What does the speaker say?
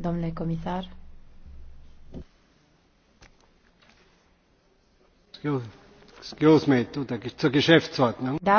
domnule comisar. Excuse me, zu der, zur Geschäftsordnung. Da,